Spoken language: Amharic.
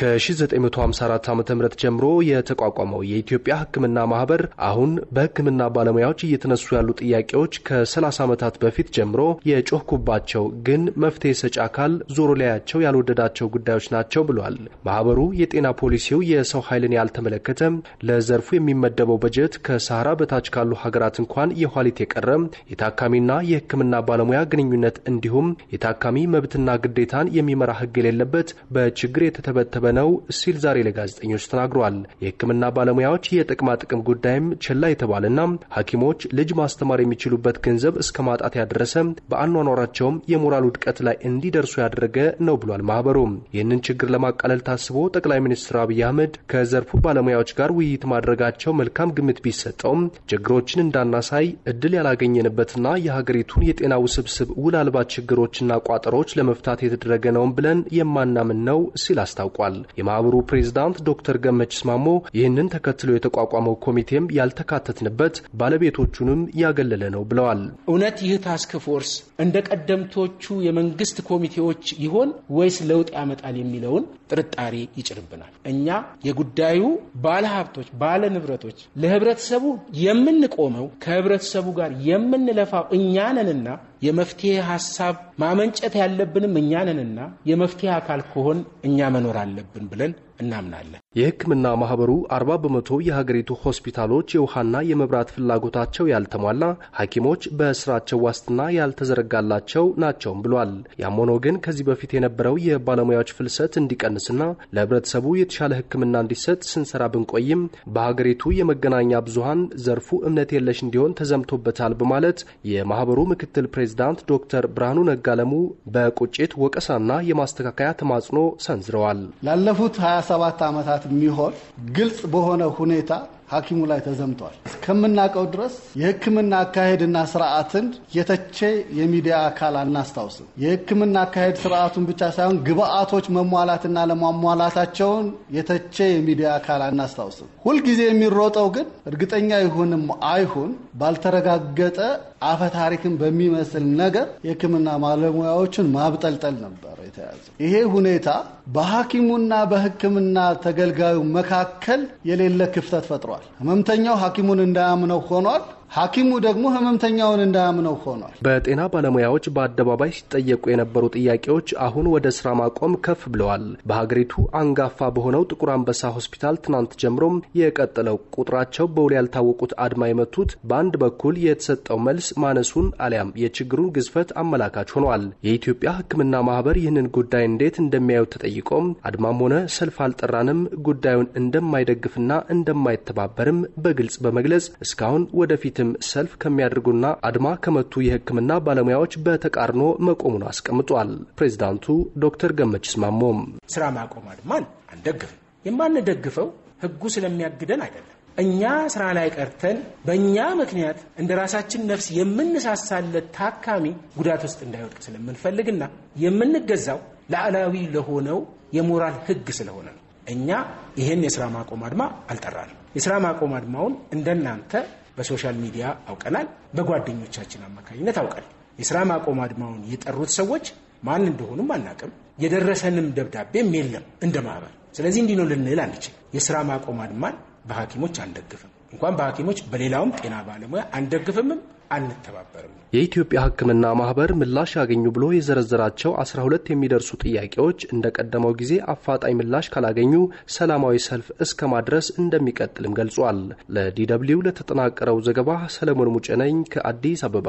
ከ1954 ዓ ም ጀምሮ የተቋቋመው የኢትዮጵያ ሕክምና ማህበር አሁን በሕክምና ባለሙያዎች እየተነሱ ያሉ ጥያቄዎች ከ30 ዓመታት በፊት ጀምሮ የጮህኩባቸው ግን መፍትሄ ሰጪ አካል ዞሮ ላያቸው ያልወደዳቸው ጉዳዮች ናቸው ብሏል። ማህበሩ የጤና ፖሊሲው የሰው ኃይልን ያልተመለከተ፣ ለዘርፉ የሚመደበው በጀት ከሰሃራ በታች ካሉ ሀገራት እንኳን የኋሊት የቀረ፣ የታካሚና የሕክምና ባለሙያ ግንኙነት እንዲሁም የታካሚ መብትና ግዴታን የሚመራ ሕግ የሌለበት በችግር የተተበተበ ነው ሲል ዛሬ ለጋዜጠኞች ተናግሯል። የህክምና ባለሙያዎች የጥቅማ ጥቅም ጉዳይም ችላ የተባለና ሐኪሞች ልጅ ማስተማር የሚችሉበት ገንዘብ እስከ ማጣት ያደረሰ በአኗኗራቸውም የሞራል ውድቀት ላይ እንዲደርሱ ያደረገ ነው ብሏል ማህበሩ። ይህንን ችግር ለማቃለል ታስቦ ጠቅላይ ሚኒስትር አብይ አህመድ ከዘርፉ ባለሙያዎች ጋር ውይይት ማድረጋቸው መልካም ግምት ቢሰጠውም ችግሮችን እንዳናሳይ እድል ያላገኘንበትና የሀገሪቱን የጤና ውስብስብ ውል አልባ ችግሮችና ቋጠሮች ለመፍታት የተደረገ ነውም ብለን የማናምን ነው ሲል አስታውቋል። ገልጸዋል። የማህበሩ ፕሬዝዳንት ዶክተር ገመችስ ማሞ ይህንን ተከትሎ የተቋቋመው ኮሚቴም ያልተካተትንበት ባለቤቶቹንም ያገለለ ነው ብለዋል። እውነት ይህ ታስክ ፎርስ እንደ ቀደምቶቹ የመንግስት ኮሚቴዎች ይሆን ወይስ ለውጥ ያመጣል የሚለውን ጥርጣሬ ይጭርብናል። እኛ የጉዳዩ ባለሀብቶች፣ ንብረቶች ለህብረተሰቡ የምንቆመው ከህብረተሰቡ ጋር የምንለፋው ነንና የመፍትሄ ሀሳብ ማመንጨት ያለብንም እኛ ነንና የመፍትሄ አካል ከሆን እኛ መኖር አለብን ብለን እናምናለን። የሕክምና ማህበሩ አርባ በመቶ የሀገሪቱ ሆስፒታሎች የውሃና የመብራት ፍላጎታቸው ያልተሟላ፣ ሐኪሞች በስራቸው ዋስትና ያልተዘረጋላቸው ናቸውም ብሏል። ያም ሆኖ ግን ከዚህ በፊት የነበረው የባለሙያዎች ፍልሰት እንዲቀንስና ለህብረተሰቡ የተሻለ ሕክምና እንዲሰጥ ስንሰራ ብንቆይም በሀገሪቱ የመገናኛ ብዙሀን ዘርፉ እምነት የለሽ እንዲሆን ተዘምቶበታል በማለት የማህበሩ ምክትል ፕሬዚዳንት ዶክተር ብርሃኑ ነጋለሙ በቁጭት ወቀሳና የማስተካከያ ተማጽኖ ሰንዝረዋል። ላለፉት ሰባት ዓመታት የሚሆን ግልጽ በሆነ ሁኔታ ሐኪሙ ላይ ተዘምቷል። እስከምናውቀው ድረስ የሕክምና አካሄድና ስርዓትን የተቼ የሚዲያ አካል አናስታውስም። የሕክምና አካሄድ ስርዓቱን ብቻ ሳይሆን ግብአቶች መሟላትና ለማሟላታቸውን የተቼ የሚዲያ አካል አናስታውስም። ሁልጊዜ የሚሮጠው ግን እርግጠኛ ይሁንም አይሁን ባልተረጋገጠ አፈ ታሪክን በሚመስል ነገር የሕክምና ባለሙያዎችን ማብጠልጠል ነበር። የተያዘ ይሄ ሁኔታ በሐኪሙና በሕክምና ተገልጋዩ መካከል የሌለ ክፍተት ፈጥሯል። ህመምተኛው ሐኪሙን እንዳያምነው ሆኗል። ሐኪሙ ደግሞ ህመምተኛውን እንዳያምነው ሆኗል። በጤና ባለሙያዎች በአደባባይ ሲጠየቁ የነበሩ ጥያቄዎች አሁን ወደ ስራ ማቆም ከፍ ብለዋል። በሀገሪቱ አንጋፋ በሆነው ጥቁር አንበሳ ሆስፒታል ትናንት ጀምሮም የቀጠለው ቁጥራቸው በውል ያልታወቁት አድማ የመቱት በአንድ በኩል የተሰጠው መልስ ማነሱን አሊያም የችግሩን ግዝፈት አመላካች ሆኗል። የኢትዮጵያ ሕክምና ማህበር ይህንን ጉዳይ እንዴት እንደሚያዩት ተጠይቆም አድማም ሆነ ሰልፍ አልጠራንም፣ ጉዳዩን እንደማይደግፍና እንደማይተባበርም በግልጽ በመግለጽ እስካሁን ወደፊት ቤትም ሰልፍ ከሚያደርጉና አድማ ከመቱ የሕክምና ባለሙያዎች በተቃርኖ መቆሙን አስቀምጧል። ፕሬዚዳንቱ ዶክተር ገመችስ ማሞም ስራ ማቆም አድማን አንደግፍም። የማንደግፈው ህጉ ስለሚያግደን አይደለም። እኛ ስራ ላይ ቀርተን በእኛ ምክንያት እንደ ራሳችን ነፍስ የምንሳሳለት ታካሚ ጉዳት ውስጥ እንዳይወድቅ ስለምንፈልግና የምንገዛው ላዕላዊ ለሆነው የሞራል ህግ ስለሆነ ነው። እኛ ይህን የስራ ማቆም አድማ አልጠራንም። የስራ ማቆም አድማውን እንደናንተ በሶሻል ሚዲያ አውቀናል፣ በጓደኞቻችን አማካኝነት አውቀናል። የስራ ማቆም አድማውን የጠሩት ሰዎች ማን እንደሆኑም አናቅም። የደረሰንም ደብዳቤም የለም እንደ ማህበር። ስለዚህ እንዲህ ነው ልንል አንችል። የስራ ማቆም አድማን በሐኪሞች አንደግፍም፣ እንኳን በሐኪሞች በሌላውም ጤና ባለሙያ አንደግፍምም አንተባበርም። የኢትዮጵያ ሕክምና ማህበር ምላሽ ያገኙ ብሎ የዘረዘራቸው 12 የሚደርሱ ጥያቄዎች እንደ ቀደመው ጊዜ አፋጣኝ ምላሽ ካላገኙ ሰላማዊ ሰልፍ እስከ ማድረስ እንደሚቀጥልም ገልጿል። ለዲ ደብልዩ ለተጠናቀረው ዘገባ ሰለሞን ሙጨነኝ ከአዲስ አበባ